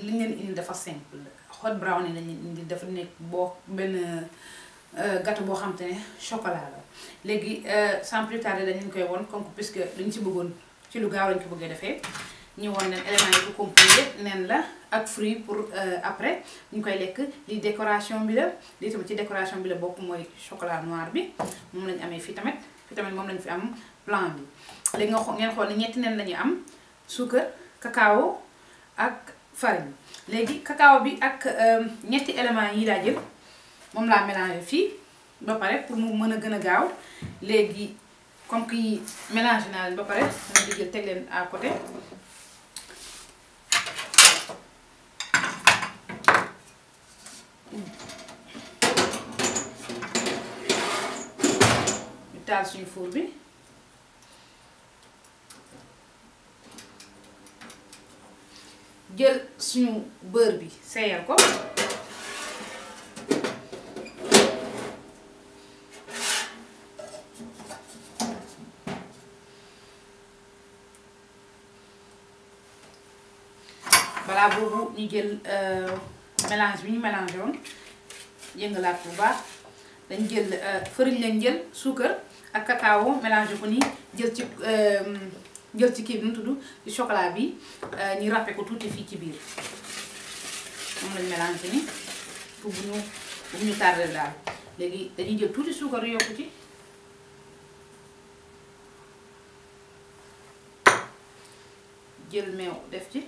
li ngeen indi dafa simple hot brownie lañ leen indi dafa nekk boo benn euh, gâteau boo xam te ne chocolat la léegi euh, sans plus tarder dañ leen koy won comme puisque dañ ci bëggoon ci lu gaaw lañ ko bëggee defee ñu won leen éléments yi ko composé nen la ak fruit pour euh, après ñu koy lekk li décoration bi la li ci décoration bi la bokk mooy chocolat noir bi moom lañ amee fii tamit fii tamit moom lañ fi am blanc bi léegi nga ngeen xool ne ñetti nen lañu am suukar cacao ak farine léegi cacao bi ak euh, ñetti éléments yi laa jël moom laa mélangé fii ba pare pour mu mën a gën a gaaw léegi comme ki mélangé naa leen ba pare ma di jël teg leen à côté ñu taal four bi jël suñu beurre bi seeyal ko bala bobu ñu jël euh mélange bi ñu mélangé woon yëngalaat bu baax dañ jël euh farine lañ jël sucre ak cacao mélange ko ni jël ci euh jël ci kii bi nu tudd ci chocolat bi euh, ñu ràppe ko tuuti fii ci biir moom lañ mélangé ni pour bu ñu bu ñu tardé daal léegi dañuy jël tuuti suukar yokku ci jël meew def ci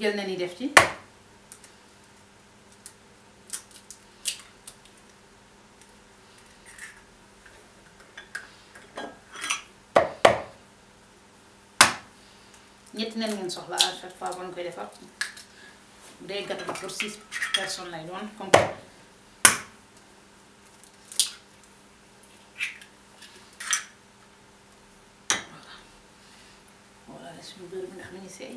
jël na li def ci ñetti nen ngeen soxla à chaque fois bon koy defar bu dee pour six personnes lay doon comme voilà voilà suñu beurre bi nga xam ne seey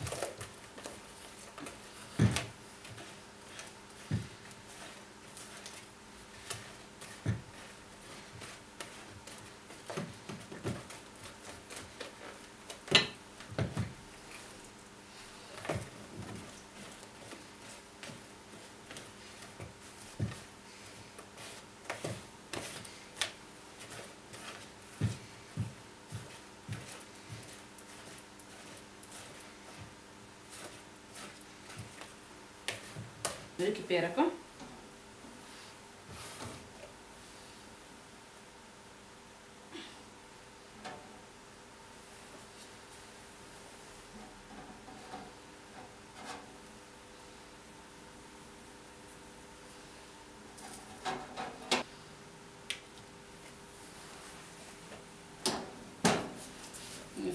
ఉడికి పీరకం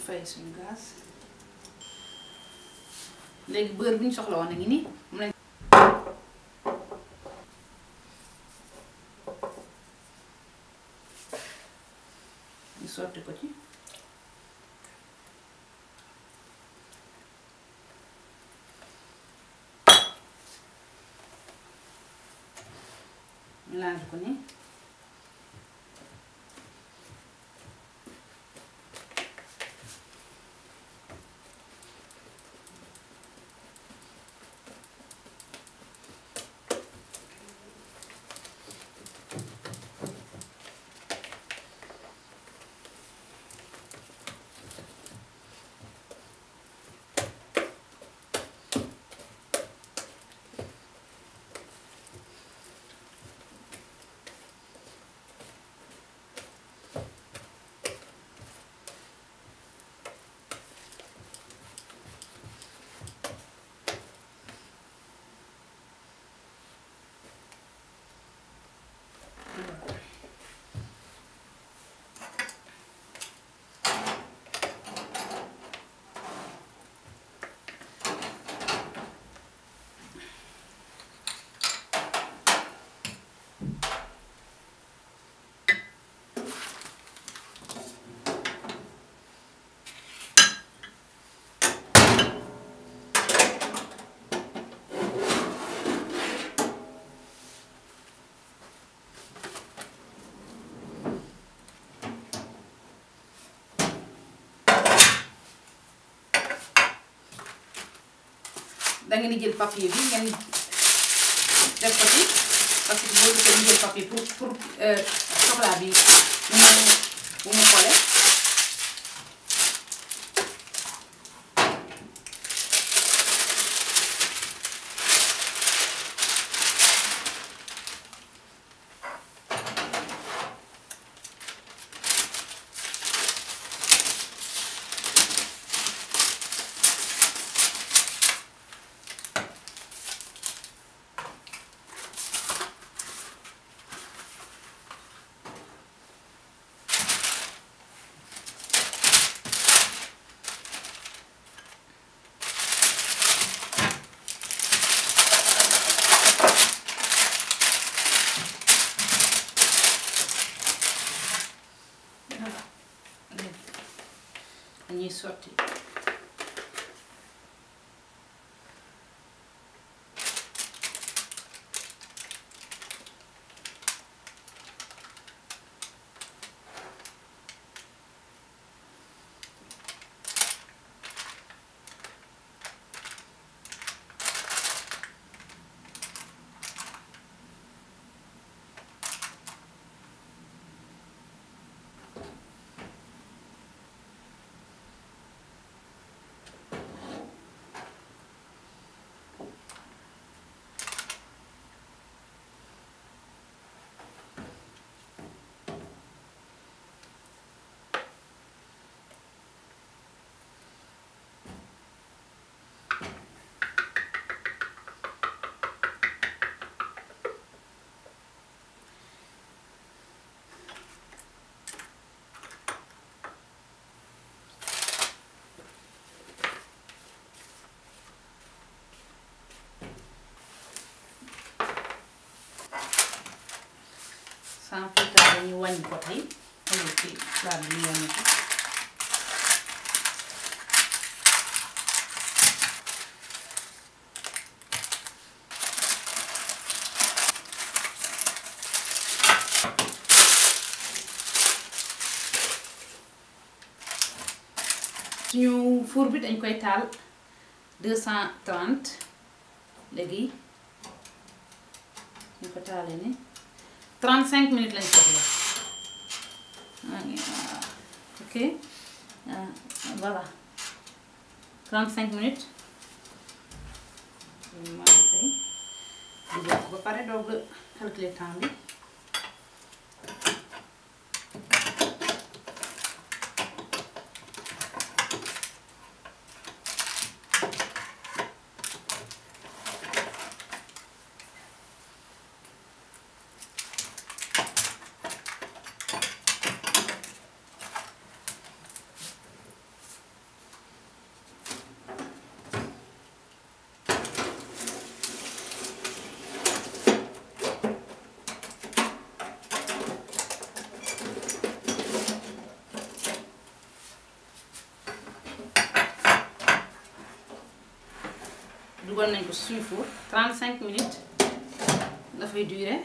fay suñu gaz gas. beurre bi ñu soxla woon गरेको थिएँ लाँडुको da ngeen di jël papier bi ngeen def ko ci parce que boo defee ñu jël papier pour pour chocolat euh, bi mu mu mu xoolee. не сорти. ñu wàññi một tey xoolal ci plat bi ñu wàññi ko suñu four bi dañ koy taal deux cent trente léegi ñu ko taalee ni 35 minutes ah, Oké. okay uh, voilà. 35 minutes ಮಾಡ್ತೀವಿ ಇದು ಹಾಕ್ಬೇಕಾದ್ರೆ ಡೌಡ್ ಕಲ್ಕ್ಲೇಟ್ ಹಾಕಿ dugal nañ ko suñu four 35 minutes dafay durer